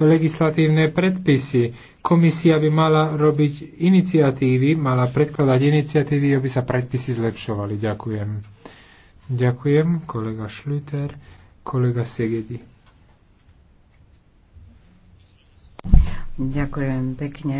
legislatívne predpisy. Komisia by mala robiť iniciatívy, mala predkladať iniciatívy, aby sa predpisy zlepšovali. Ďakujem. Ďakujem, kolega Šluter, kolega Segedi. Ďakujem pekne.